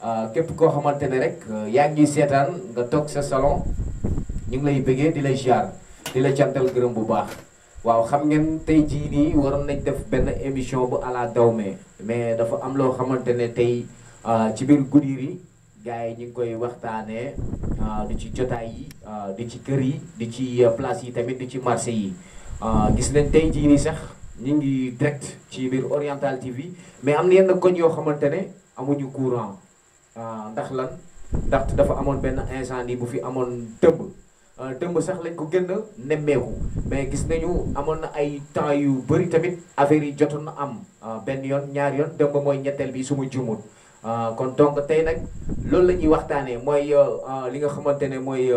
Ah, képp koo xamante ne rek ah, yaa ngi seetaan nga toog sa salon ñu ngi lay bëggee di lay ziar di la cantal gërëm bu baax waaw xam ngeen tey jii waroon nañ def benn émission bu ala dawme mais dafa am loo xamante ne tey ah, ci biir Goudiry gars yi ñu ngi koy waxtaanee di ci jotaay yi di ci kër yi di ci place yi tamit di ci marché yi gis nañ tey jii nii sax ñu ngi direct ci biir Oriental TV mais am na yenn koñ yoo xamante ne amuñu courant. Ah, ndax lan ndaxte dafa amoon benn incendie bu fi amoon dëmb dëmb ah, sax lañ ko gën a nemmeeku mais gis nañu amoon na ay temps yu bëri tamit affaire yi jotoon na am ah, benn yoon ñaar yoon dëmb mooy ñetteel bi suma jumut kon donc tey nag loolu la ñuy waxtaanee mooy li nga xamante ne mooy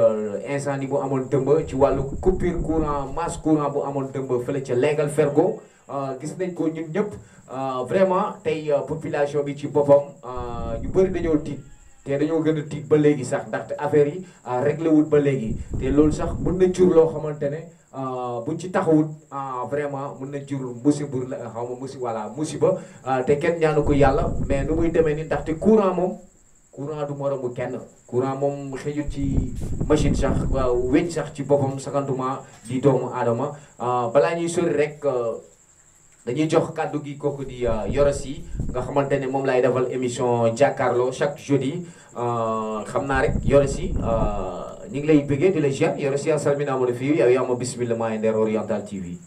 incendie bu amoon dëmb ci wàllu coupure courant masse courant bu amoon dëmb fële ca Lengal Fergo Euh, gis nañ ko ñun ñëpp euh, vraiment tey euh, population bi ci boppam ñu bëri dañoo tiit te dañoo gën a tiit ba léegi sax ndaxte affaire yi réglé wut ba léegi te loolu sax mën na jur loo xamante ne buñ ci taxawut vraiment mun na jur musiba xaw ma musiba voilà musiba te kenn ñaanu ko yàlla mais nu muy demee ni ndaxte courant moom courant du moromu kenn courant moom xëjul ci machine sax weñ sax ci boppam sakantuma di doomu aadama balaa ñuy sori rek dañuy jox kaddu gi kooku di euh, Yoro Sy nga xamante ne moom laay defal émission jàkkaarloo chaque jeudi euh, xam naa rek Yoro Sy euh, ñu ngi lay bëggee di la Yoro yow bismillah Oriental TV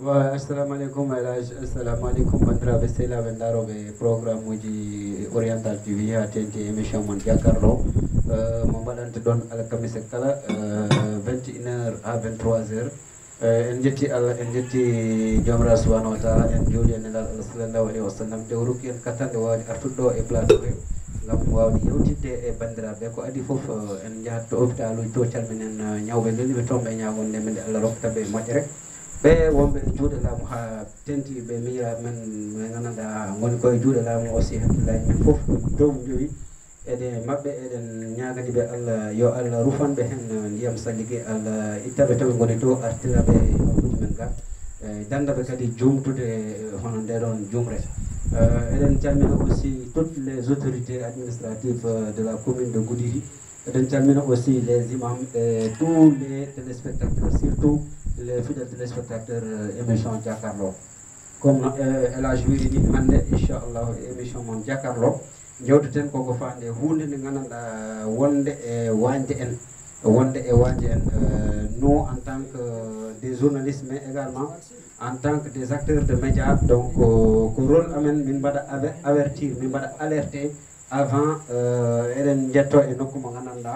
wa assalamualaikum elaj assalamualaikum bandiraɓe sehlaɓe daroɓe programme oriental tv ha tenti émission mon jakarlo mo mbaɗante ɗon alkamisa kala 21 à 23 Eh, en jetti allah en jetti jomra subahana wa taala en jooli e nenal allah salallahu alayhi wa sallam nde wuruki en kattan nde wawde artuɗo e plateau he gam wawde yewtidde e bandiraɓe ko adi foof eh, en jahat to hôpital uji to calminen eh, ñawɓe nde ɓe tomɓe e ñagon nde minde allah rokkataɓe e moƴƴere ɓe wonɓe juuɗe laamu ha tenti ɓe miñiraɓe men ɓe gandanɗa goni koye juuɗe laamu aussi hakkillaji men foof ko dow jowi eɗe maɓɓe eɗen ñaganiɓe allah yo allah rufanɓe hen eh, ndiyam salligui allah ittaɓe tawi goni to artiraɓe hakkude men ga eh, dandaɓe kadi jumtude eh, hono ndeɗon jumre eɗen calmina aussi toutes les autorités administratives de la commune de goudiri eɗen calmina aussi les imams et tous les téléspectateurs surtout les fidèles téléspectateurs émission jakarlo comme elage wiri ni hande inchallahu émission moon jakarlo jewteten koko fande hunde nde gandanɗa wonde e wañde en wonde e wañde en euh, nous en tant que euh, des journalistes mais également en tant que des acteurs de média donc euh, ko rôle amen min mbaɗa avertir min mbaɗa alerté avant eɗen jetto e nokku mo gandanɗa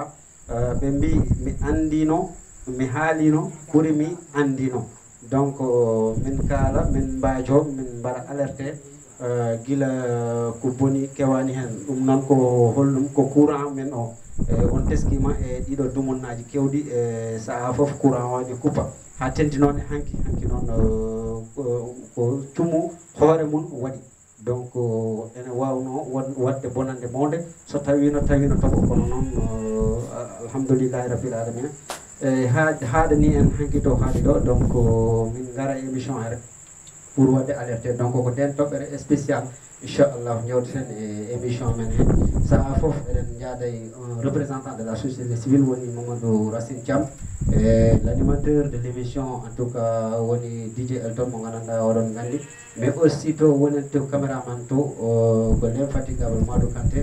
ɓe mbi mi andino mi haalino ɓuuri mi andino donc min kaala min mbajo min mbaɗa alerté Eh, gila ko boni kewani hen ɗum noon ko hollum ko courant men o e on teskima e ɗiɗo dumonnaji kewɗi e saaha foof courant o ne kupa ha tenti noon hanki hanki noon ko cumu hoore mum waɗi donc ene wawno wadde bonande mawde so tawino tawino tooɓo kono noon alhamdoulillahi rabbil alamina e haade haade ni en hanki to haade ɗo donc min gara émission he rek pour wadde alerte donc ko nden toɓɓere spécial inchallahu jewteten e eh, émission men ça saaha fof eɗen jaada un représentant de la société civile woni mamadou racine thiam e eh, l' de l'émission en tout cas woni dj elton mo gandanɗa oɗon gandi mais aussi to wonente caméraman to ko l'infatigable madou kanté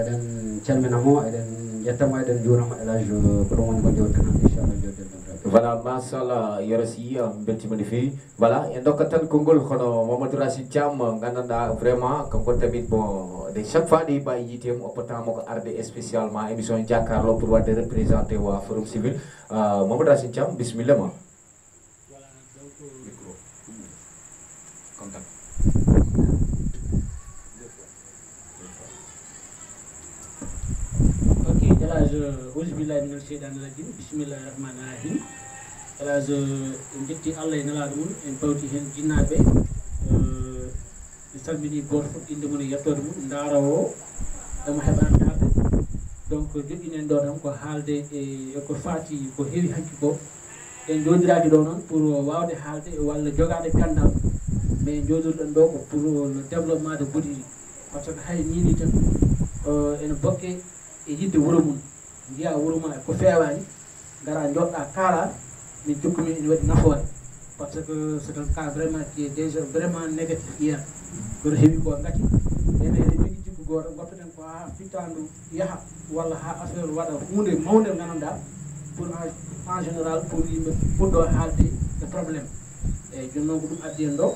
eɗen calminamo eɗen ƴettamo eɗen juurama élage ko ɗum eh, woni ko jewteten inchallah jewteten voilà masala yerasiya betimani fi voilà en dokatan kongol khono mamadou rashid cham gananda vraiment kam ko tamit de chaque fois di baye yitem opotamo ko arde spécialement émission jakarlo pour wadde représenter wa forum civil euh ah, mamadou cham bismillah ma أعوذ بالله من الشيطان الرجيم alas en jetti allah e nelaaɗo mum en pawti heen jinnaaɓe en eh, salmini gooto fof innde mon e yettoode mum ndaarowo emo heɓaani haalde donc joƴƴinen ɗo tan ko haalde e, e ko faati ko heewi hanki ko en joodiraaki ɗo noon pour waawde haalde walla jogaade penndal mais en joodirɗon ɗo ko pour le développement de bodi par ce que hay niini tan eh, ene bokke e yidde wuro mum njiya wuro ma ko feewaani ngara joɗɗa kaalaa mais Djokovic parce que c'est un cas vraiment qui est vraiment négatif hier kono heewi ko gati ene ene jogui jikku goto goppaten ko ha fittandu yaaha walla ha ah, affaire waɗa hunde mawde gandanɗa pour en général pour yimɓe ɓurɗo haalde e probléme eyyi joni noon ko ɗum euh, addi en ɗo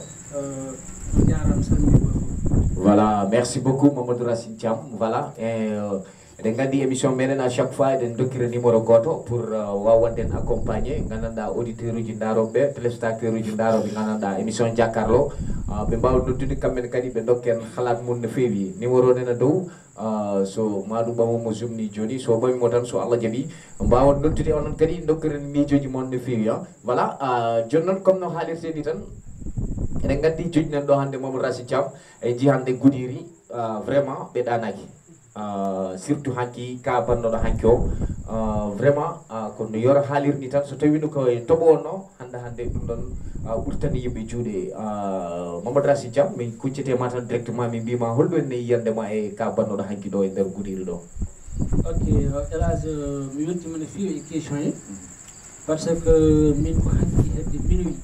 on jarama salmini goto voilà merci beaucoup mamadou racine thiam voilà euh, eɗen gandi émission meɗen à chaque fois eɗen dokkira numéro goto pour wawanden accompagné gandanɗa auditeur uji daroɓeɓe téléspectateur uji daroɓe gandanɗa émission jakarlo ɓe ah, mbawa noddude kamɓene kadi ɓe dokken halat mum no fewi numéro nena dow ah, so bawo ɓamomo sumni joni so ɓamimo tan so allah jadi mbawat noddude onon kadi dokkiren miijoji moon no fewi voilà joni noon comme no haalirte ni tan eɗen gandi joƴinen ɗo hannde mamadou racine thiam e jii gudiri ah, vraiment ɓe ɗanaki Euh, surtout hanki ka bannoɗo hanki o euh, vraiment euh, kono yoro haalirni tan so tawi ɗo koye toɓo onno hande hande ɗum ɗon ɓurtani yimɓe juuɗe mamadou racid diam min kuccetema tan directement min mbima holɗo enne yiyande ma e ka bannoɗo hanki ɗo e nder guniri ɗo ok elas mi weltima no fewi e question e par ce que min ko hanki hedde minuit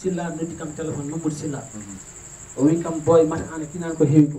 silla noddi kam téléphone numbude silla mhm. o wi kam boy mata an e finani ko heewi ko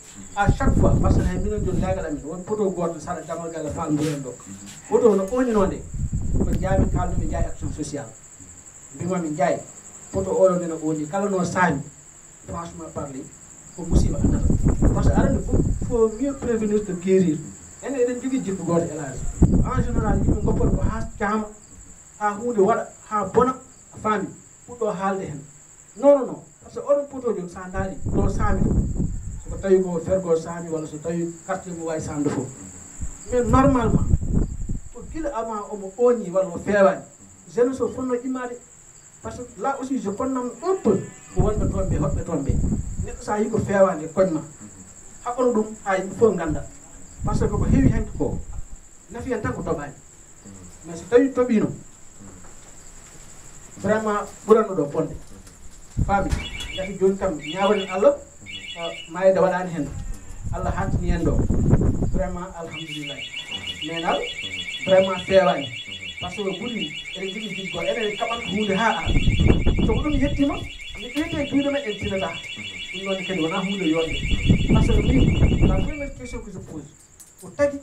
à chaque fois par ce que hay minen joni laagal amen won poto goto saɗa damal gal faam mbiyen ɗo poto no ɓoñinode ko jaamin kalduɓe jaay action sociale mbimami jaay poto oɗo nene oni kala no saami franchement parler ko musiba andata par ce que arande fof faut mieux prévenir que guérir ene eɗen jogui jikku goto élage en général yimɓe goppata ko ha jaama ha hunde waɗa ha bona faami ɓuɗɗo haalde hen non non non par que jom sa ko tawi ko fergo saami walla so tawi quartier mo wawi samde fof mais normalement ko gila avant omo ooñi walla o feewani jeune so fonno immade par ce que là aussi je konnam un peu ko wonɓe toon ɓe hoɓɓe toon ɓe neɗɗo sa yi ko feewani koñma haɓɓono ɗum ha yimɓe fof ganda par ce que ko heewi hen ko nafi hen tan ko toɓani mais so tawi toɓino vraiment ɓuranno ɗo fonde faami gati joni kam ñawani allah mayde waɗani hen allah hantini en ɗo vraiment alhamdoulillahi menal vraiment fewani par ce que ɓuuri eɗen jogui jiggo eɗen kaɓan hunde ha ara so ko ɗum yettima mi ɓeyde e juuɗe men en tinata ɗum noon kadi wona hunde yonde par ce que min la premiére question que je pose ko tagi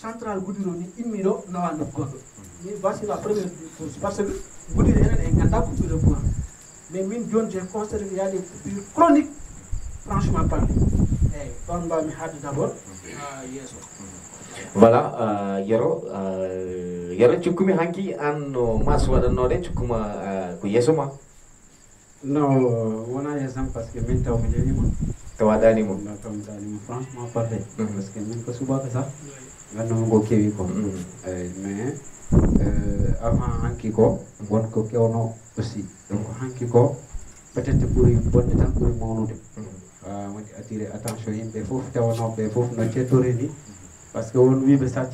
central guddiro ni immiɗo nawa nokku goɗɗo mi voici la première chose par ce que guddiri enen en ganda ko ɓuuri point mais min joni j'ai constaté y a des chroniques franchement parlé eyyi ɗon mbawmi haalde d' d'abord Ah, yesso voilà yero yero cikkumi hanki an no mas waɗatnode cikkuma ko yesso ma non wona yesam par ce que min taw mi ɗenima tawaɗanimo no taw mi ɗanima franchement parlé par ce que min ko subaka sah gannduma ngo kewi ko eyi mais avant hanki ko wonko kewno aussi donc ko peut être ɓuuri bonde tan ɓuuri mawnude woni attirer attention yimɓe que won wiɓe sa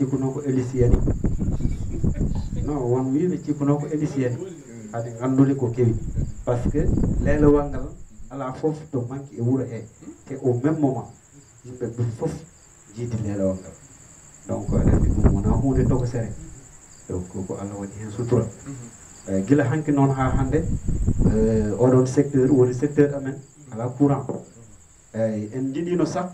non que ala to manque e, e au même moment donc rende ɗum wona hunde donc ko allah waɗi hen sutura mhm. euh, gila hanke ha euh, secteur woni secteur amen courant eyyi eh, en jiiɗino sakh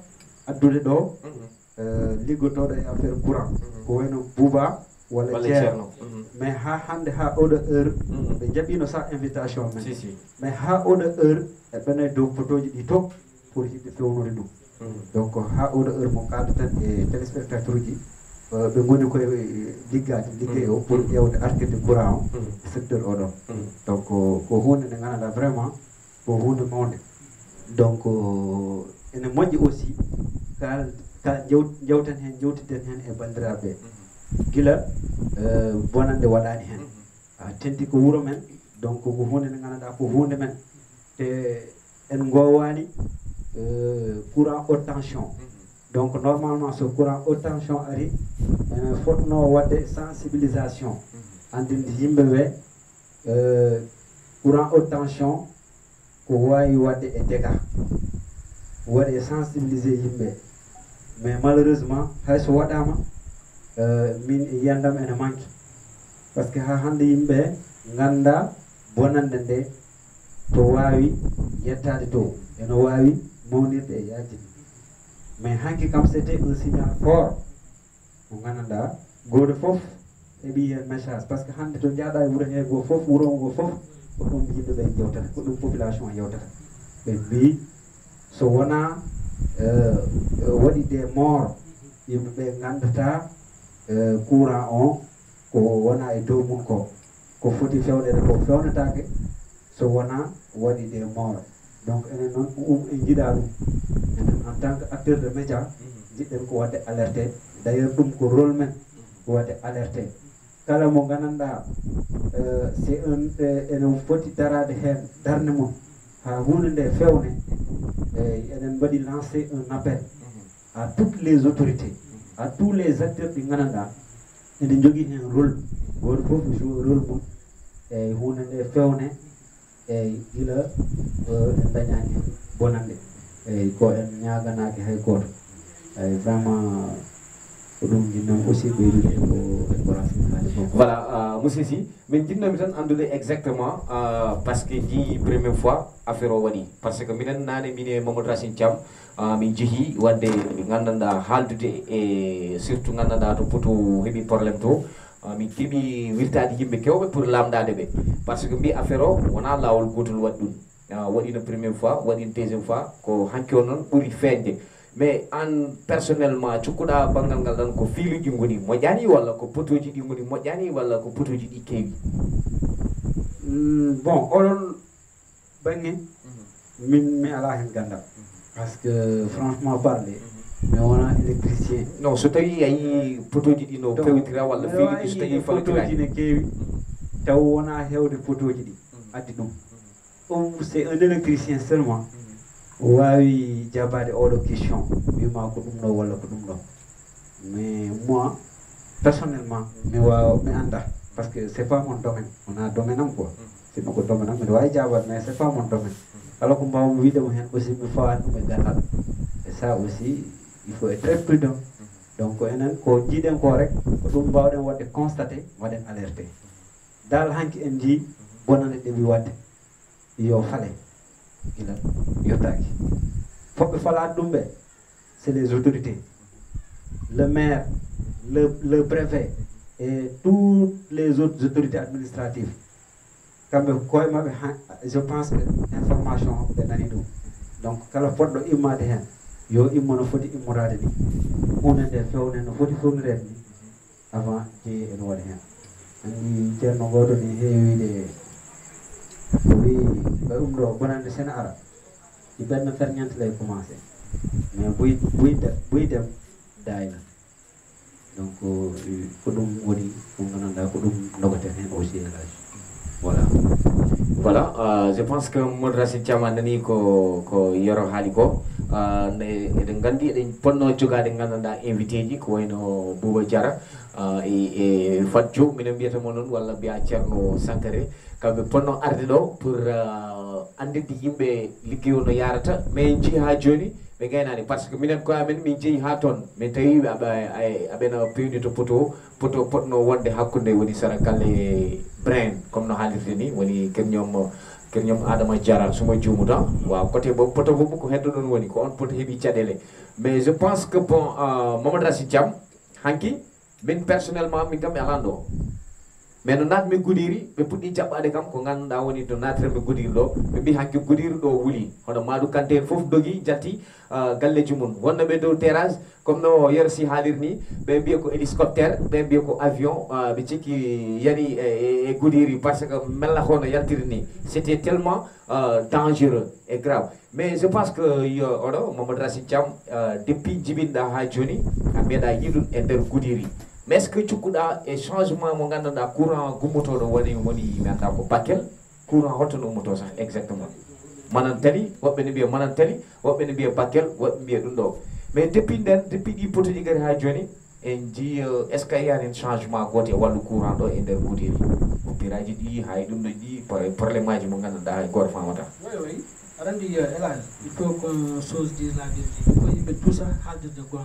addude ɗo mhm. eh, liggotoɗo e affaire courant mhm. ko wayno Bouba walla Ceerno mais mhm. ha hande ha oɗo heure ɓe jaɓino sakh invitation men mais ha oɗo heure e ɓene dow potoji ɗi to pour yimɓe fewnude ɗum donc ha oɗo heure mo kaldeten e téléspectateur uji ɓe goni koye e, liggaji liggey o pour ƴewde artirde courant o secteur oɗon donc ko hunde nde ganduɗa vraiment ko hunde mawde donc euh, ene moƴƴi aussi ka jewten sont jewtiden hen e mhm. gila euh, bonande mhm. a ko men donc courant haute tension mhm. donc normalement ce courant haute tension ari ene fotnoo une sensibilisation en euh, courant haute tension ko wawi wadde e déga waɗe sensibilisé yimɓe mais malheureusement hayso waɗama euh, min yiyandam e ene manque par ce que ha hande yimɓe ganda bonande nde to wawi yettade to ene wawi mawnirde e yajini mais hanki kam c'était un signal fort mo gandanɗa goto foof heeɓi hen message par ce que hande to jaaɗa e wuuro he go foof wuuro ngo foof ko ɗum yimɓe ɓen jewtata ko ɗum population yewtata ɓe mbi so wona euh, euh, waɗi des mort yimɓe ɓe gandata euh, courant on ko wona e dow mum ko ko foti fewnede ko fewnetake so wona waɗi des mort donc enen noon ko ɗum en jiiɗa ɗum enen en tant que acteur de média mhm. jiɗɗen ko wadde alerté d' ailleurs ɗum ko rôle men ko wadde alerté kala mo gananda c'est eh, un un eh, foti darade hen darne mum ha hunde nde fewne eyi eh, eɗen mbaɗi lancer un appel mhm. à toutes les autorités mhm. à tous les acteurs ɗi gandanɗa ene jogui hen rôle goto foof joue rôle mum eyi hunde nde fewne eyi gila en dañani bonande eyi ko en ñaganaki hay goto eyi vraiment ko ɗum jinnomi aussi ɓeydude ko décoration voilà euh, monsieur si min jinnomi tan anndude exactement euh, par ce que ji premiére fois affaire o waɗi par ce que minen naane min e mamadou racine thiam euh, min jehi wadde gandanɗa haaldude e surtout gandanɗa to poto heeɓi probléme to min keeɓi wirtade yimɓe kewɓe pour lamɗade ɓe par ce que mbi affaire o wona lawol gotol waɗi ɗum waɗino premiére fois waɗino deuxiéme fois ko hankki o noon ɓuuri feede mais an personnellement bangal ngal dan ko ngoni wala ko ngoni wala ko hmm, bon on mhm. min me ala hen mhm. Parce que franchement parlé on un électricien non so a yii potoji no pewtira est ne kewi taw wona hewde addi mhm. On c'est un électricien seulement o wawi jabade oɗo question wima ko ɗum ɗo walla ko ɗum ɗo mais moi personnellement mi wawa mi anda par ce que c' est pas mon domaine wona domaine am quoi mm-hmm. sinno ko domaine am mbiɗa wawi jabade mais c' est pas mon domaine kala ko mbawmi wiidemo hen aussi mi fawani ɗum e gandal et ça aussi il faut être prudent mm-hmm. donc enen ko jiiɗen ko rek ko ɗum mbawɗen wadde constaté waɗen alerté mm-hmm. dal hanki en jii bonane ɗe mbi wadde yo faale gila yottaki woɓɓe falani ɗum ɓe c' est les autorités le maire le, le préfet et toutes les autres autorités administratives kamɓe koye maɓɓe je pense ɓe information ɓe nani ɗum donc kala poɗɗo immade hen yo immo no foti immorade ni hunde nde fewne no foti fewnirede ni avant jeeyi ene waɗa hen andi ceerno goto ni heewide buy umroo bonande seen arab ci benn ferñeent lay commencé mais buy buy de buy dem daay la donc ko ɗum woni ko gandanɗa ko ɗum dogoten aussi elage voilà voilà uh, je pense que modou racine thiama nani ko ko yoro haali ko uh, eɗen gandi eɗen ponno jogade gandanɗa invité ji ko wayno bouba diara uh, e, e fatjo minen mbiyata mo noon walla mbiya sankare kamɓe pono arde ɗo pour andinde yimɓe liggeyo no yarata min jeeyi ha joni ɓe gaynani ni ce que minen ko amen min jeeyi ha toon min tawi aɓena pewni to poto poto potno wonde hakkude woni sarakalle brand, comme no haalirde ni woni kerñom kerñom adama diara somo juumuta wa côté bo poto fof ko heddo ɗon woni ko on poto heeɓi caɗele mais je pense que bon euh, mamadou racine thiam hanki min personnellement min kam mi e mais no natmi gudiri ɓe puɗɗi jaɓɓade kam ko ganduɗa woni to natiranɓe gudiri ɗo ɓe mbi hakke gudiri ɗo wuuli hono madou kanté en foof dogui jatti ah, galleji mum wonno ɓe dow terrage comme no yer si haalir ni ɓe mbiya ko hélicoptère ɓe mbiya ko avion ɓe ah, cikki yani e, e, e gudiri par ce que mella hono yaltiri ni c'était tellement ah, dangereux et grave mais je pense que yo oɗo mamadou racine thiam depuis jibinɗa ha joni a meeɗa yiɗum e nder gudiri mais est ce que cukkuɗa e changement mo gandanɗa courant gummotoɗo woni woni wiyata ko bakel courant holtono Mananteli, sah exactement manan tali woɓɓe pakel, mbiya manan tali woɓɓe ne mbiya bakel woɓɓe mbiya ɗum ɗo mais depuis nden depuis ɗi potoji gari ha joni en jii euh, est ce que yani changement goto e wallu courant ɗo e nder guuɗiri goppiraji ɗi hay ɗum ɗo ɗi probléme aji mo hay euh, elage il faut qu'on gonga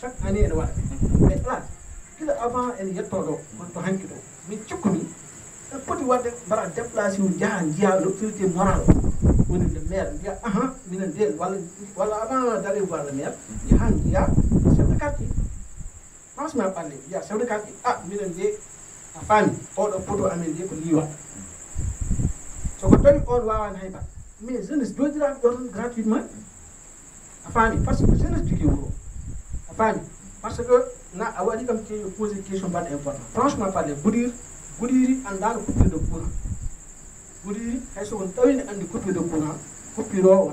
chaque année ene waɗa mais ala gila avant ene yettoɗo wonto hanki ɗo min cikkumi en poti wadde mbara déplacé o jaha jiya l' autorité morale woni le maire mbiya ahan minen de walla walla avant d' aller voir le maire jaha jiya chef de quartier franchement ɓalle mbiya chef de quartier ah minen de ya, ah, afan, faami oɗo poto amen de ko ni waɗa soko tawi on wawani hayba mais jeunesse jodiraɓe ɗon gratuitement a faami que jeunesse jogui wuro parce que na a que kam question pas franchement je parle, dire le coupure de courant coupure de courant on a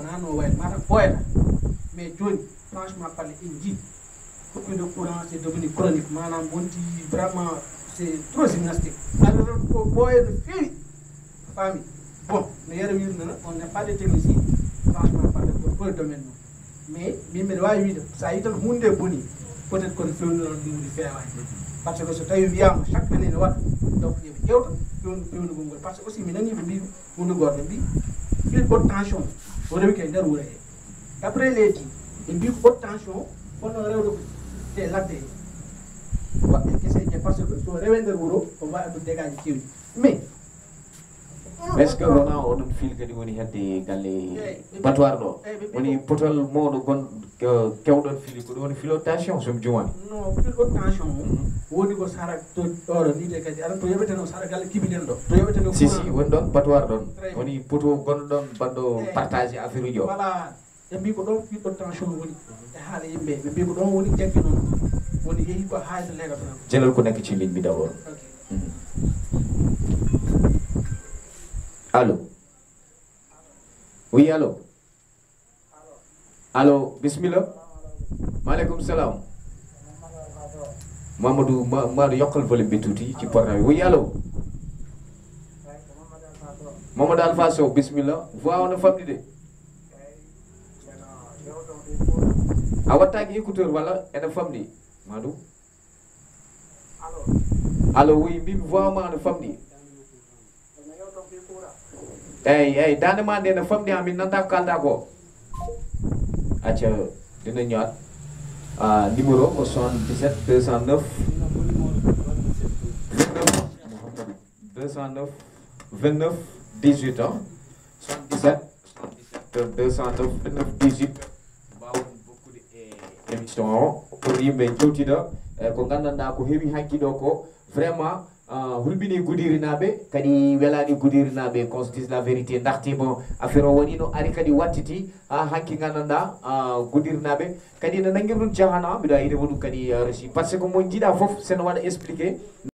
mais franchement pas il dit, coupure de courant devenu chronique vraiment c'est trop gymnastique bon mais on n'est pas des technicien franchement pas pour le domaine mais min mbiɗa wawi wiide sa yi tan hunde booni peut être kono fewnunoon ɗumɗi fewani par ce que so tawi wiyama chaque année ne waɗa donc yooɓe ƴewta fewnu fewnugol ngol par ce que aussi mi nani ɓe mbi hunde goto ɓe mbi fil haute tension o rewi ke nder wuura he après leydi ɓe mbi ko haute tension fonno rewde ko te ladde he waɓɓe guese je par ce que so rewe nder wuuro o wawi ɗum dégaji kewɗi mais est ce que wona onon fiil kadi woni hedde galle batoir ɗo woni potol mawɗo gon kewɗon fili ko ɗum woni filo tension somi jumani non filo tension mhm. woni ko sara to ɗoɗo ndite kadi ara to yeɓeteno sara galle kibiɗen ɗo to yeɓeteno si si woni ɗon batoir ɗon woni poto gonɗo ɗon mbaɗɗo partage affaire uji o voilà ɓe mbi ko ɗon filo tension woni mhm. e haala yimɓe ɓe mbi ko ɗon woni jaggi noon woni yehi ko haalde legatona jelol ko nekk cilliɗ mi d' abord mhm. allo oui allo allo bismillah maaleykum salaam Mamadou ma ma yokkal volume bi tuuti ci programme bi oui allo Mamadou Alpha Sow bismillah voix on a famille a wattaaki écouteur walla ene famɗi maɗum allo oui mbimi voix ma no famɗi ei ei dane ma de na fam de amin nanta kalda ko acha dina ñot ah numéro 77 209 209 29 18 ans 77 209 29 18 bawon beaucoup de émission pour yimbe jotida ko gandanɗa ko heewi hankkiɗo ko vraiment Ah, hulɓini gudirinaɓe kadi welani gudirinaɓe constitue la vérité dartimo affaire o waɗi no ari kadi wattiti ha hakki gandanɗa ah, gudirinaɓe kadi ne nangguir ɗum jahana mbiɗa yidemo ɗum kadi ah, reci par ce que mo jiiɗa foof seno waɗa expliqué